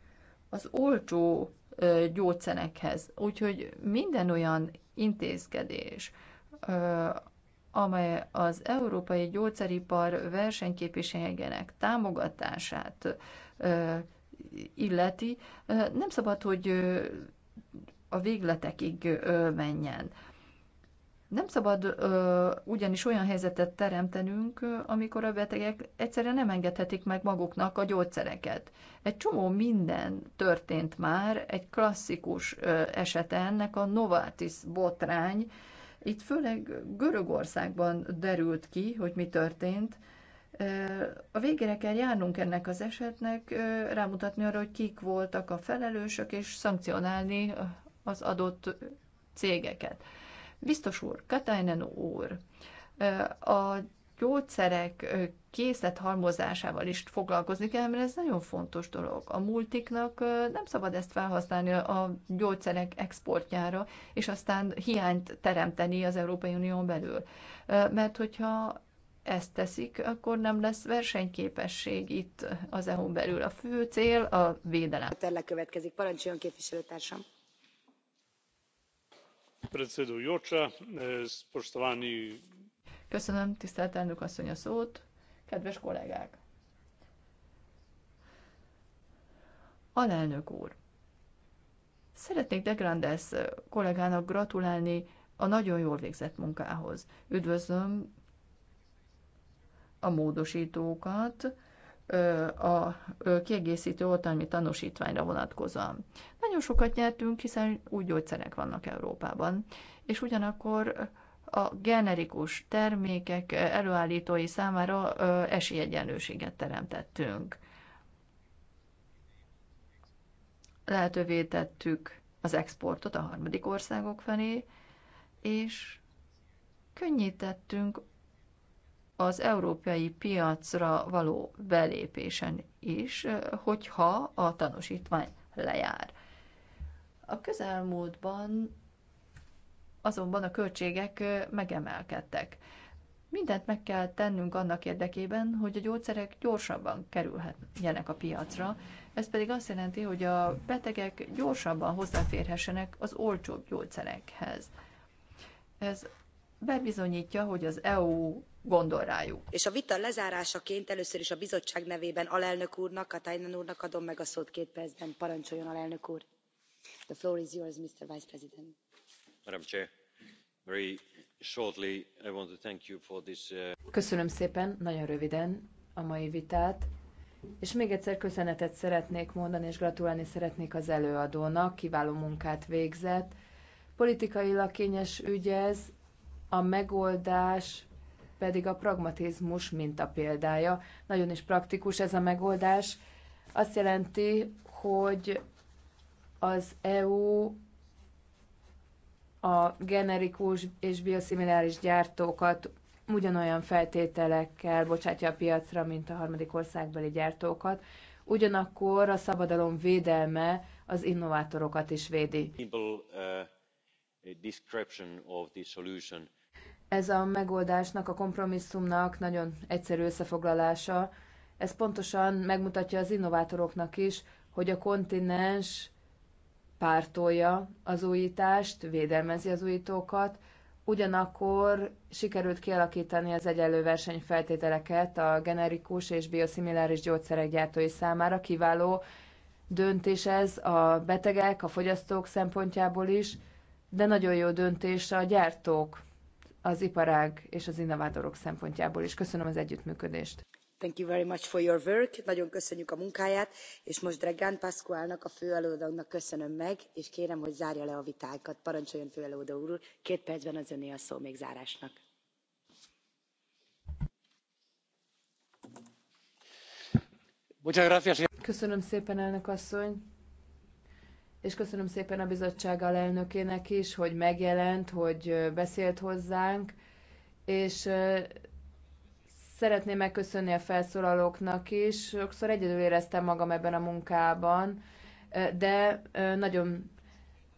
az olcsó ö, gyógyszerekhez. Úgyhogy minden olyan intézkedés, ö, amely az európai gyógyszeripar versenyképességének támogatását illeti, nem szabad, hogy a végletekig menjen. Nem szabad ö, ugyanis olyan helyzetet teremtenünk, amikor a betegek egyszerűen nem engedhetik meg maguknak a gyógyszereket. Egy csomó minden történt már, egy klasszikus ö, esete ennek a Novartis botrány, itt főleg Görögországban derült ki, hogy mi történt. A végére kell járnunk ennek az esetnek, rámutatni arra, hogy kik voltak a felelősök, és szankcionálni az adott cégeket. Biztos úr, Katainen úr, a gyógyszerek készlethalmozásával is foglalkozni kell, mert ez nagyon fontos dolog. A multiknak nem szabad ezt felhasználni a gyógyszerek exportjára, és aztán hiányt teremteni az Európai Unión belül. Mert hogyha ezt teszik, akkor nem lesz versenyképesség itt az eu belül. A fő cél a védelem. A következik. Parancsoljon képviselőtársam. Jócsa, eh, spoštovani Köszönöm, tisztelt elnök asszony a szót, kedves kollégák! Alelnök úr, szeretnék De Grandes kollégának gratulálni a nagyon jól végzett munkához. Üdvözlöm a módosítókat, a kiegészítő oltalmi tanúsítványra vonatkozóan. Nagyon sokat nyertünk, hiszen új gyógyszerek vannak Európában, és ugyanakkor a generikus termékek előállítói számára esélyegyenlőséget teremtettünk. Lehetővé tettük az exportot a harmadik országok felé, és könnyítettünk az európai piacra való belépésen is, hogyha a tanúsítvány lejár. A közelmúltban azonban a költségek megemelkedtek. Mindent meg kell tennünk annak érdekében, hogy a gyógyszerek gyorsabban kerülhetjenek a piacra, ez pedig azt jelenti, hogy a betegek gyorsabban hozzáférhessenek az olcsóbb gyógyszerekhez. Ez bebizonyítja, hogy az EU gondol rájuk. És a vita lezárásaként először is a bizottság nevében alelnök úrnak, Katainen úrnak adom meg a szót két percben. Parancsoljon, alelnök úr! The floor is yours, Mr. Vice President Köszönöm szépen, nagyon röviden a mai vitát. És még egyszer köszönetet szeretnék mondani, és gratulálni szeretnék az előadónak, kiváló munkát végzett. Politikailag kényes ügy ez, a megoldás pedig a pragmatizmus mint a példája Nagyon is praktikus ez a megoldás. Azt jelenti, hogy az EU a generikus és bioszimiláris gyártókat ugyanolyan feltételekkel bocsátja a piacra, mint a harmadik országbeli gyártókat. Ugyanakkor a szabadalom védelme az innovátorokat is védi. Ez a megoldásnak, a kompromisszumnak nagyon egyszerű összefoglalása. Ez pontosan megmutatja az innovátoroknak is, hogy a kontinens pártolja az újítást, védelmezi az újítókat, ugyanakkor sikerült kialakítani az egyenlő versenyfeltételeket a generikus és bioszimiláris gyógyszerek gyártói számára. Kiváló döntés ez a betegek, a fogyasztók szempontjából is, de nagyon jó döntés a gyártók, az iparág és az innovátorok szempontjából is. Köszönöm az együttműködést thank you very much for your work nagyon köszönjük a munkáját és most Dragán pascualnak a főelőadónak köszönöm meg és kérem hogy zárja le a vitákat. parancsoljon főelőadó úr két percben az öné a szó még zárásnak. köszönöm szépen elnök asszony és köszönöm szépen a bizottság alelnökének is hogy megjelent hogy beszélt hozzánk és Szeretném megköszönni a felszólalóknak is. Sokszor egyedül éreztem magam ebben a munkában, de nagyon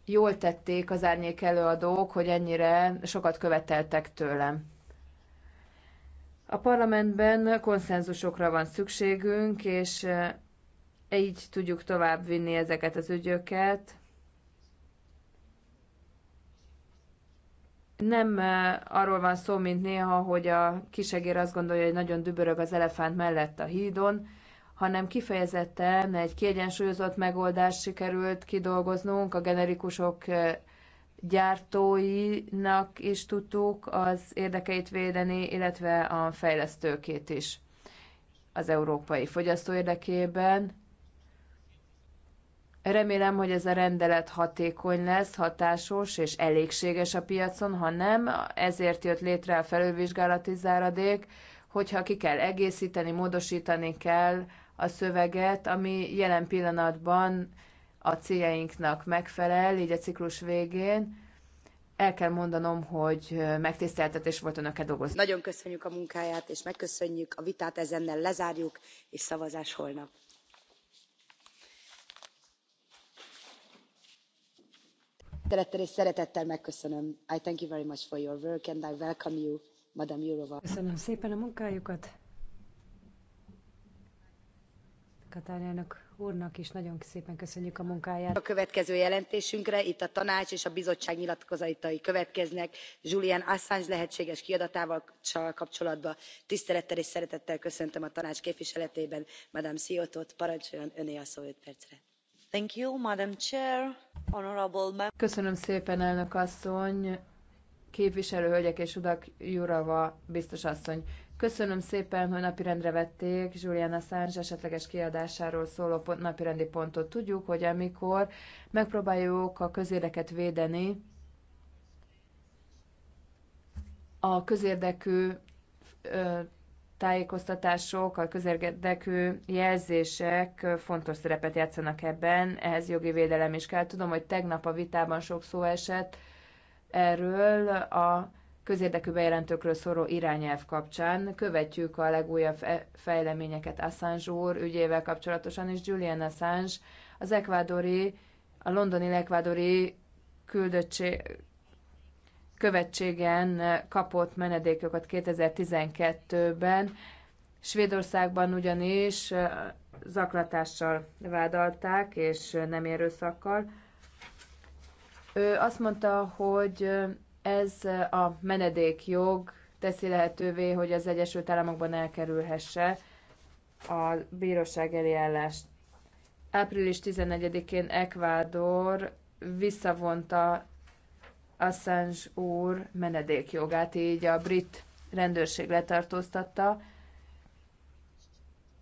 jól tették az árnyék előadók, hogy ennyire sokat követeltek tőlem. A parlamentben konszenzusokra van szükségünk, és így tudjuk továbbvinni ezeket az ügyöket. Nem arról van szó, mint néha, hogy a kisegér azt gondolja, hogy nagyon dübörög az elefánt mellett a hídon, hanem kifejezetten egy kiegyensúlyozott megoldást sikerült kidolgoznunk, a generikusok gyártóinak is tudtuk az érdekeit védeni, illetve a fejlesztőkét is az európai fogyasztó érdekében. Remélem, hogy ez a rendelet hatékony lesz, hatásos és elégséges a piacon, ha nem, ezért jött létre a felülvizsgálati záradék, hogyha ki kell egészíteni, módosítani kell a szöveget, ami jelen pillanatban a céljainknak megfelel, így a ciklus végén. El kell mondanom, hogy megtiszteltetés volt önökkel dolgozni. Nagyon köszönjük a munkáját, és megköszönjük a vitát, ezennel lezárjuk, és szavazás holnap. tisztelettel és szeretettel megköszönöm. i thank you very much for your work and i welcome you madam jourov. köszönöm szépen a munkájukat. Katán úrnak is nagyon szépen köszönjük a munkáját. A következő jelentésünkre itt a tanács és a bizottság nyilatkozatai következnek Julian Assange lehetséges kiadatával kapcsolatban. Tisztelettel és szeretettel köszöntöm a tanács képviseletében Madame Ciotot, parancsoljon öné a szó 5 percre Köszönöm szépen, elnök asszony, képviselő hölgyek és urak, Jurava biztos asszony. Köszönöm szépen, hogy napirendre vették Julian Assange esetleges kiadásáról szóló pont, napirendi pontot. Tudjuk, hogy amikor megpróbáljuk a közérdeket védeni, a közérdekű ö, tájékoztatások, a közérdekű jelzések fontos szerepet játszanak ebben, ehhez jogi védelem is kell. Tudom, hogy tegnap a vitában sok szó esett erről a közérdekű bejelentőkről szóló irányelv kapcsán. Követjük a legújabb fejleményeket Assange úr ügyével kapcsolatosan, és Julian Assange az ekvádori, a londoni ekvádori küldöttség, követségen kapott menedékjogot 2012-ben. Svédországban ugyanis zaklatással vádalták, és nem erőszakkal. Ő azt mondta, hogy ez a menedékjog teszi lehetővé, hogy az Egyesült Államokban elkerülhesse a bíróság eljárást. Április 14-én Ekvádor visszavonta Assange úr menedékjogát, így a brit rendőrség letartóztatta,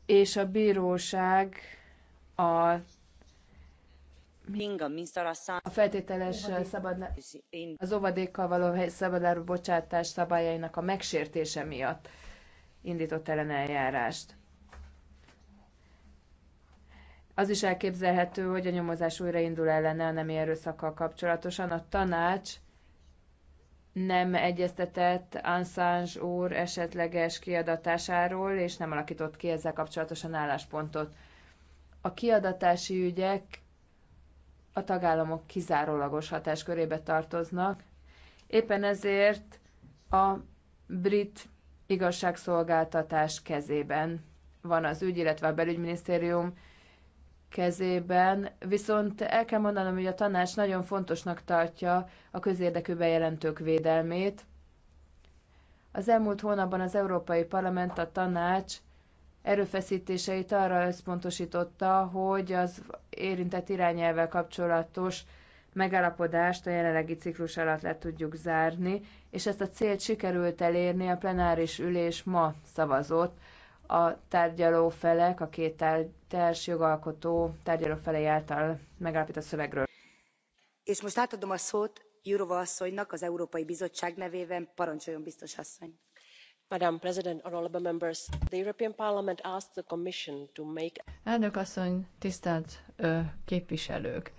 és a bíróság a a feltételes szabad, az óvadékkal való szabadlábú bocsátás szabályainak a megsértése miatt indított ellen eljárást. Az is elképzelhető, hogy a nyomozás újraindul ellene a nemi erőszakkal kapcsolatosan. A tanács nem egyeztetett Assange úr esetleges kiadatásáról, és nem alakított ki ezzel kapcsolatosan álláspontot. A kiadatási ügyek a tagállamok kizárólagos hatáskörébe tartoznak, éppen ezért a brit igazságszolgáltatás kezében van az ügy, illetve a belügyminisztérium kezében, viszont el kell mondanom, hogy a tanács nagyon fontosnak tartja a közérdekű bejelentők védelmét. Az elmúlt hónapban az Európai Parlament, a tanács erőfeszítéseit arra összpontosította, hogy az érintett irányelvel kapcsolatos megállapodást a jelenlegi ciklus alatt le tudjuk zárni, és ezt a célt sikerült elérni, a plenáris ülés ma szavazott a tárgyaló felek, a két társ jogalkotó tárgyaló felei által megállapított szövegről. És most átadom a szót Jurova asszonynak az Európai Bizottság nevében. Parancsoljon, biztos asszony! Madam President, honorable members, the European Parliament asked the Commission to make... Elnök asszony, tisztelt képviselők!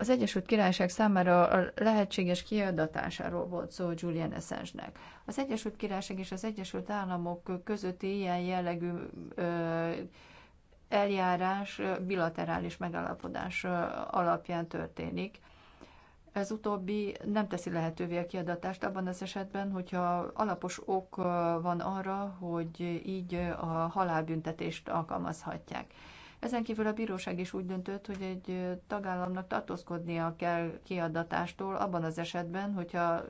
Az Egyesült Királyság számára a lehetséges kiadatásáról volt szó Julian Assange-nek. Az Egyesült Királyság és az Egyesült Államok közötti ilyen jellegű ö, eljárás bilaterális megállapodás alapján történik. Ez utóbbi nem teszi lehetővé a kiadatást abban az esetben, hogyha alapos ok van arra, hogy így a halálbüntetést alkalmazhatják. Ezen kívül a bíróság is úgy döntött, hogy egy tagállamnak tartózkodnia kell kiadatástól abban az esetben, hogyha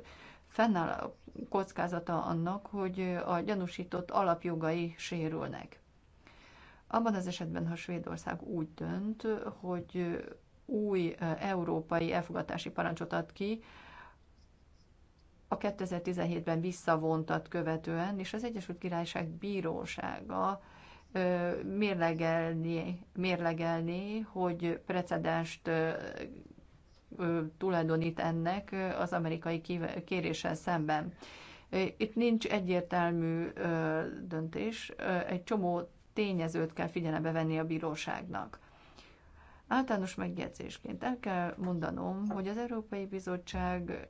fennáll a kockázata annak, hogy a gyanúsított alapjogai sérülnek. Abban az esetben, ha Svédország úgy dönt, hogy új európai elfogadási parancsot ad ki, a 2017-ben visszavontat követően, és az Egyesült Királyság bírósága mérlegelni, mérlegelni hogy precedenst tulajdonít ennek az amerikai kéréssel szemben. Itt nincs egyértelmű döntés, egy csomó tényezőt kell figyelembe venni a bíróságnak. Általános megjegyzésként el kell mondanom, hogy az Európai Bizottság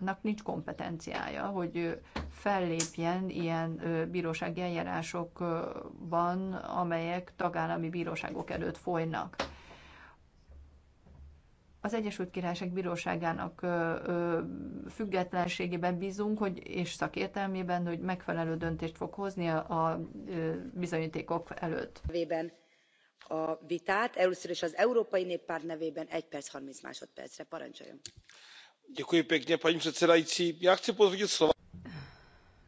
bíróságnak nincs kompetenciája, hogy fellépjen ilyen bírósági eljárásokban, amelyek tagállami bíróságok előtt folynak. Az Egyesült Királyság Bíróságának függetlenségében bízunk, hogy, és szakértelmében, hogy megfelelő döntést fog hozni a bizonyítékok előtt. A vitát először is az Európai Néppárt nevében 1 perc 30 másodpercre parancsoljon paní předsedající já chci potvrdit slova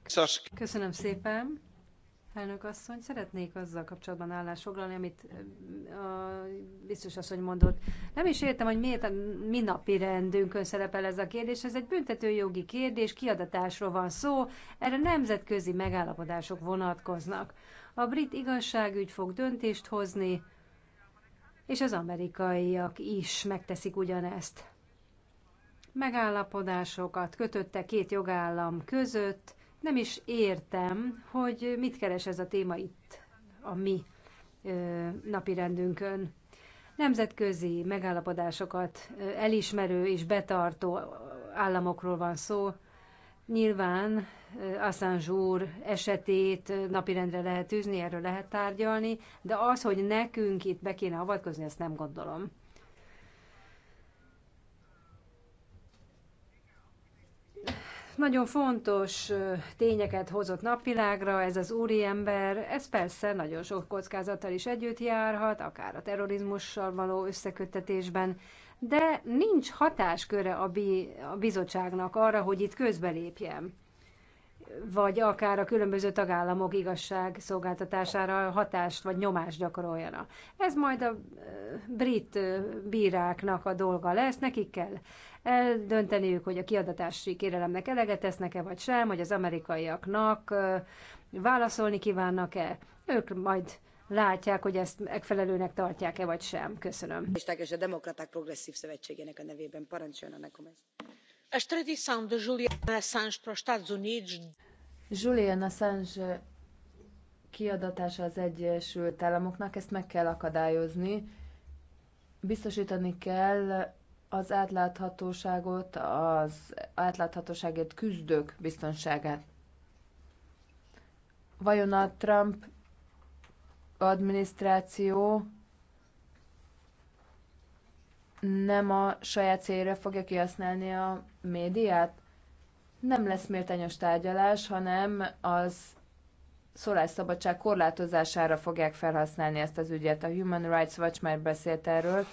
komisařky. köszönöm szépen elnök asszony szeretnék azzal kapcsolatban amit a biztos asszony mondott. nem is értem hogy miért a mi szerepel ez a kérdés ez egy büntetőjogi kérdés kiadatásról van szó erre nemzetközi megállapodások vonatkoznak. a brit fog döntést hozni és az amerikaiak is megteszik megállapodásokat kötöttek két jogállam között. Nem is értem, hogy mit keres ez a téma itt a mi napirendünkön. Nemzetközi megállapodásokat elismerő és betartó államokról van szó. Nyilván Assange úr esetét napirendre lehet űzni, erről lehet tárgyalni, de az, hogy nekünk itt be kéne avatkozni, ezt nem gondolom. nagyon fontos tényeket hozott napvilágra, ez az úriember, ez persze nagyon sok kockázattal is együtt járhat, akár a terrorizmussal való összeköttetésben, de nincs hatásköre a, bi- a bizottságnak arra, hogy itt közbelépjen, vagy akár a különböző tagállamok igazság szolgáltatására hatást vagy nyomást gyakoroljana. Ez majd a brit bíráknak a dolga lesz, nekik kell eldönteniük, hogy a kiadatási kérelemnek eleget tesznek-e vagy sem, hogy az amerikaiaknak válaszolni kívánnak-e. Ők majd látják, hogy ezt megfelelőnek tartják-e vagy sem. Köszönöm. Listák és a Demokraták Progresszív Szövetségének a nevében parancsoljon Anna Gomez. A extradição de Julian Assange para os Estados Unidos. Julian Assange kiadatása az Egyesült Államoknak, ezt meg kell akadályozni. Biztosítani kell az átláthatóságot, az átláthatóságért küzdők biztonságát. Vajon a Trump adminisztráció nem a saját célra fogja kihasználni a médiát? Nem lesz méltányos tárgyalás, hanem az szólásszabadság korlátozására fogják felhasználni ezt az ügyet. A Human Rights Watch már beszélt erről,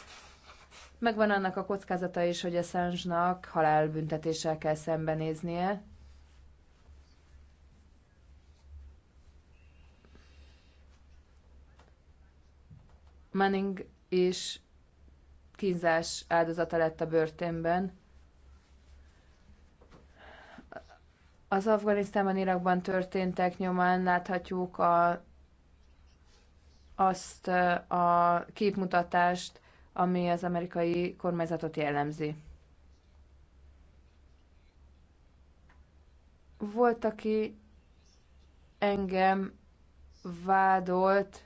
Megvan annak a kockázata is, hogy a Szenzsnak halálbüntetéssel kell szembenéznie. Manning is kínzás áldozata lett a börtönben. Az Afganisztánban, Irakban történtek nyomán láthatjuk a, azt a képmutatást, ami az amerikai kormányzatot jellemzi. Volt, aki engem vádolt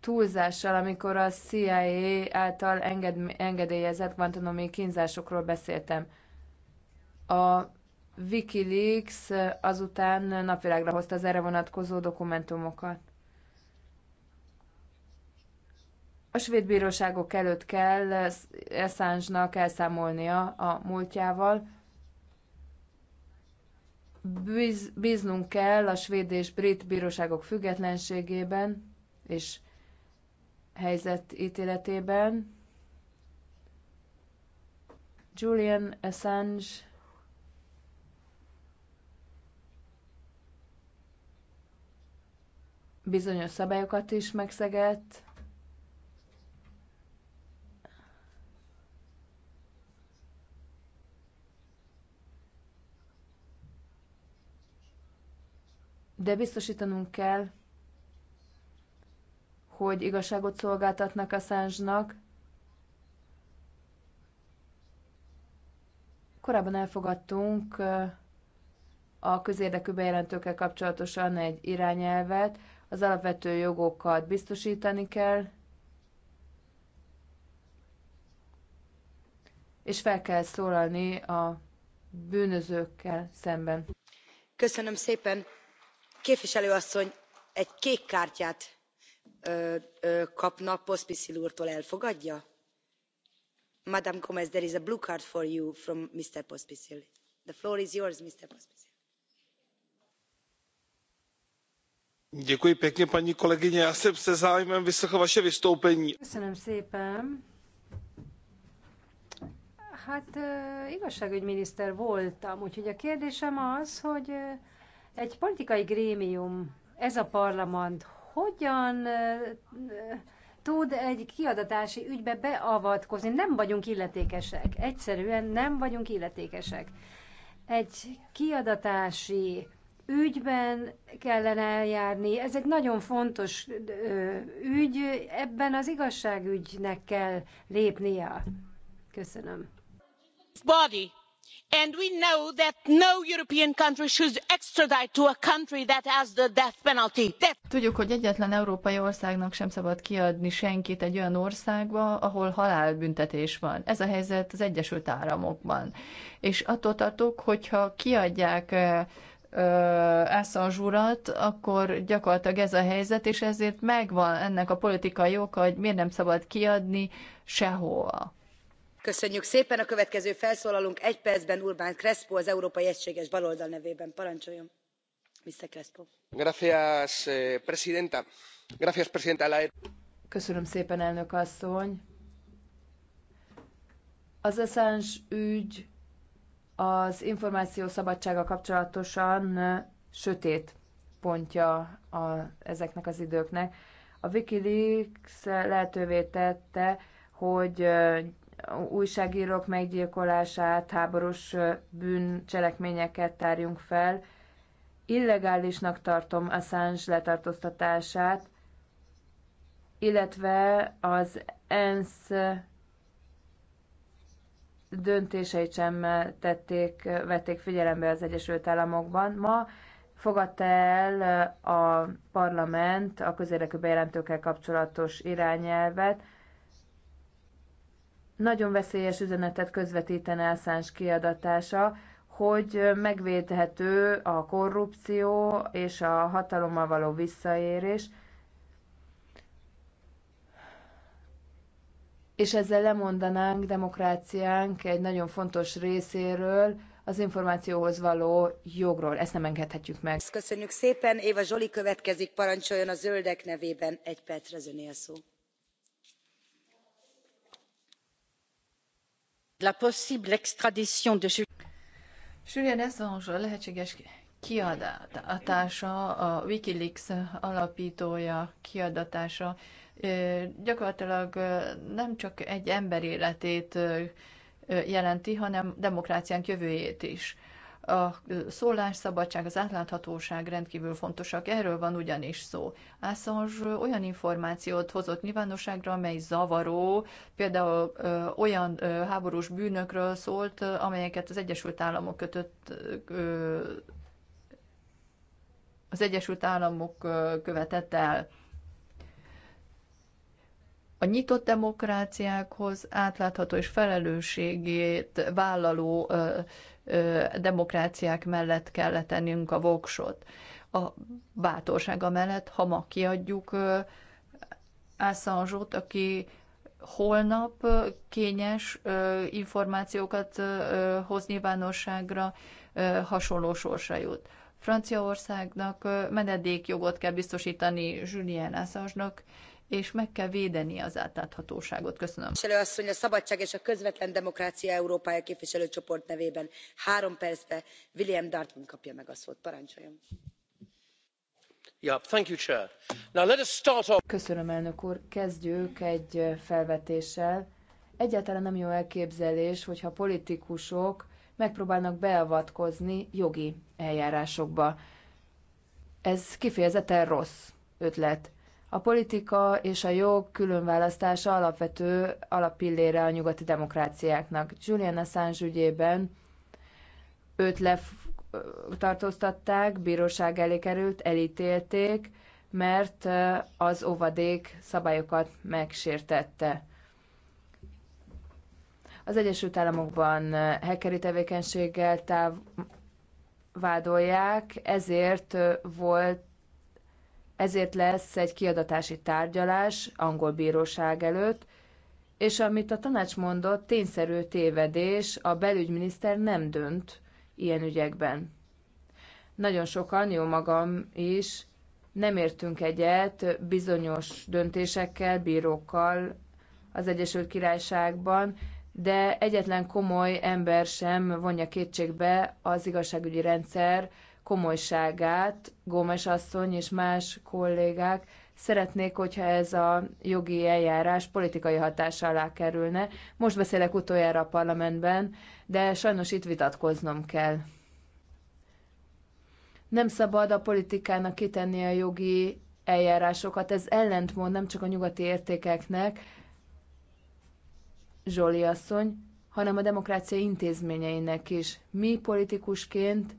túlzással, amikor a CIA által enged, engedélyezett guantanomi kínzásokról beszéltem. A Wikileaks azután napvilágra hozta az erre vonatkozó dokumentumokat. A svéd bíróságok előtt kell Assange-nak elszámolnia a múltjával. Bíz, bíznunk kell a svéd és brit bíróságok függetlenségében és helyzet ítéletében. Julian Assange bizonyos szabályokat is megszegett, de biztosítanunk kell, hogy igazságot szolgáltatnak Assange-nak. Korábban elfogadtunk a közérdekű bejelentőkkel kapcsolatosan egy irányelvet, az alapvető jogokat biztosítani kell, és fel kell szólalni a bűnözőkkel szemben. Köszönöm szépen! képviselő asszony egy kék kártyát kapna pospil úrtól elfogadja? madame gomes there is a blue card for you from mr pospil. the floor is yours mr pospil. paní kolegyně já jsem se zájmem vyslechl vaše vystoupení. hát igazságügyminiszter voltam úgyhogy a kérdésem az hogy egy politikai grémium, ez a parlament hogyan tud egy kiadatási ügybe beavatkozni? Nem vagyunk illetékesek. Egyszerűen nem vagyunk illetékesek. Egy kiadatási ügyben kellene eljárni. Ez egy nagyon fontos ügy, ebben az igazságügynek kell lépnie. Köszönöm. Body and we know that no european country should extradite to a country that has the death penalty. Tudjuk, hogy egyetlen európai országnak sem szabad kiadni senkit egy olyan országba, ahol halálbüntetés van. Ez a helyzet az Egyesült Államokban. És attól tartok, hogyha kiadják Assange urat, akkor gyakorlatilag ez a helyzet, és ezért megvan ennek a politikai oka, hogy miért nem szabad kiadni sehova köszönjük szépen a következő felszólalónk egy percben urbán crespo az európai egységes baloldal nevében parancsoljon mr crespo. Eh, köszönöm szépen elnök asszony az assange ügy az információ szabadsága kapcsolatosan eh, sötét pontja a, ezeknek az időknek. A Wikileaks eh, lehetővé tette, hogy újságírók meggyilkolását, háborús bűncselekményeket tárjunk fel. Illegálisnak tartom Assange letartóztatását, illetve az ENSZ döntéseit sem tették, vették figyelembe az Egyesült Államokban. Ma fogadta el a parlament a közérdekű bejelentőkkel kapcsolatos irányelvet, nagyon veszélyes üzenetet közvetítene Assange kiadatása, hogy megvédhető a korrupció és a hatalommal való visszaérés, és ezzel lemondanánk demokráciánk egy nagyon fontos részéről, az információhoz való jogról. Ezt nem engedhetjük meg. Köszönjük szépen. Éva Zsoli következik, parancsoljon a zöldek nevében. Egy percre zöné a szó la possible extradition de Julian Assange lehetséges kiadatása, a Wikileaks alapítója kiadatása gyakorlatilag nem csak egy ember életét jelenti, hanem demokráciánk jövőjét is a szólásszabadság, az átláthatóság rendkívül fontosak. Erről van ugyanis szó. Assange olyan információt hozott nyilvánosságra, amely zavaró, például ö, olyan ö, háborús bűnökről szólt, amelyeket az Egyesült Államok kötött, ö, az Egyesült Államok követett el. A nyitott demokráciákhoz átlátható és felelősségét vállaló uh, demokráciák mellett kell letennünk a voksot. A bátorsága mellett, ha ma kiadjuk Assange-ot, aki holnap kényes információkat hoz nyilvánosságra, hasonló sorsa jut. Franciaországnak menedékjogot kell biztosítani Julien Assange-nak, és meg kell védeni az átláthatóságot. Köszönöm. Képviselő asszony, a Szabadság és a Közvetlen Demokrácia Európája képviselőcsoport nevében három percbe William Dartmouth kapja meg a szót. Parancsoljon. Yeah, thank you, Chair. Now let us start off... Köszönöm, elnök úr. Kezdjük egy felvetéssel. Egyáltalán nem jó elképzelés, hogyha politikusok megpróbálnak beavatkozni jogi eljárásokba. Ez kifejezetten rossz ötlet a politika és a jog különválasztása alapvető alappillére a nyugati demokráciáknak. Julian Assange ügyében őt letartóztatták, bíróság elé került, elítélték, mert az óvadék szabályokat megsértette. Az Egyesült Államokban hackeri tevékenységgel táv vádolják, ezért volt ezért lesz egy kiadatási tárgyalás angol bíróság előtt, és amit a tanács mondott, tényszerű tévedés, a belügyminiszter nem dönt ilyen ügyekben. Nagyon sokan, jó magam is, nem értünk egyet bizonyos döntésekkel, bírókkal az Egyesült Királyságban, de egyetlen komoly ember sem vonja kétségbe az igazságügyi rendszer komolyságát, Gómez asszony és más kollégák szeretnék, hogyha ez a jogi eljárás politikai hatása alá kerülne. Most beszélek utoljára a parlamentben, de sajnos itt vitatkoznom kell. Nem szabad a politikának kitenni a jogi eljárásokat, ez ellentmond nem csak a nyugati értékeknek, Zsoli asszony, hanem a demokrácia intézményeinek is. Mi politikusként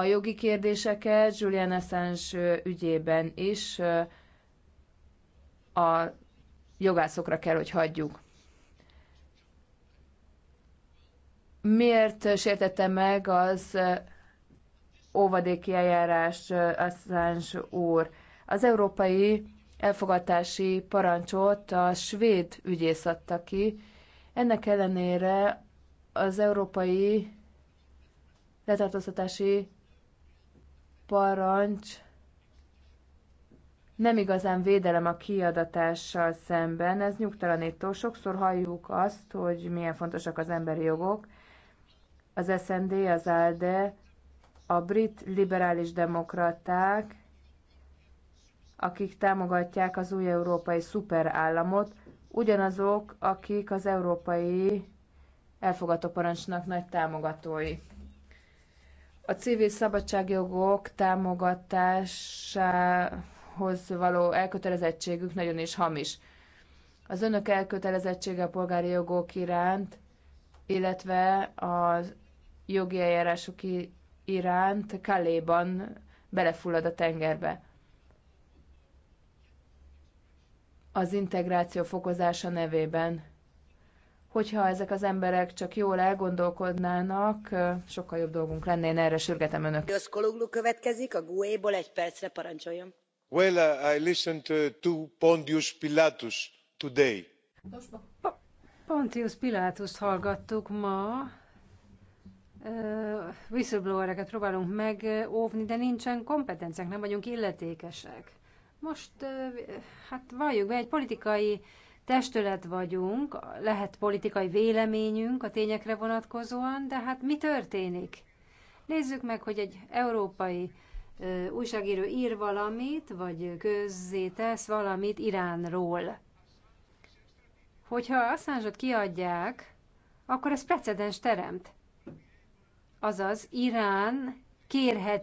a jogi kérdéseket Julian Assange ügyében is a jogászokra kell, hogy hagyjuk. Miért sértette meg az óvadéki eljárás Assange úr? Az európai elfogadási parancsot a svéd ügyész adta ki. Ennek ellenére az európai letartóztatási parancs nem igazán védelem a kiadatással szemben, ez nyugtalanító. Sokszor halljuk azt, hogy milyen fontosak az emberi jogok. Az SND, az ALDE, a brit liberális demokraták, akik támogatják az új európai szuperállamot, ugyanazok, akik az európai elfogadó parancsnak nagy támogatói a civil szabadságjogok támogatásához való elkötelezettségük nagyon is hamis. Az önök elkötelezettsége a polgári jogok iránt, illetve a jogi eljárások iránt Kaléban belefullad a tengerbe. Az integráció fokozása nevében Hogyha ezek az emberek csak jól elgondolkodnának, sokkal jobb dolgunk lenne, én erre sürgetem önök. Koluglu következik, a GUE-ból egy percre parancsoljon. Well, uh, I listened to, to Pontius Pilatus today. Pontius Pilatus hallgattuk ma. Whistleblowereket próbálunk megóvni, de nincsen kompetenciánk, nem vagyunk illetékesek. Most, hát valljuk be, egy politikai testület vagyunk, lehet politikai véleményünk a tényekre vonatkozóan, de hát mi történik? Nézzük meg, hogy egy európai ö, újságíró ír valamit, vagy közzé tesz valamit Iránról. Hogyha Assange-ot kiadják, akkor ez precedens teremt. Azaz, Irán kérhet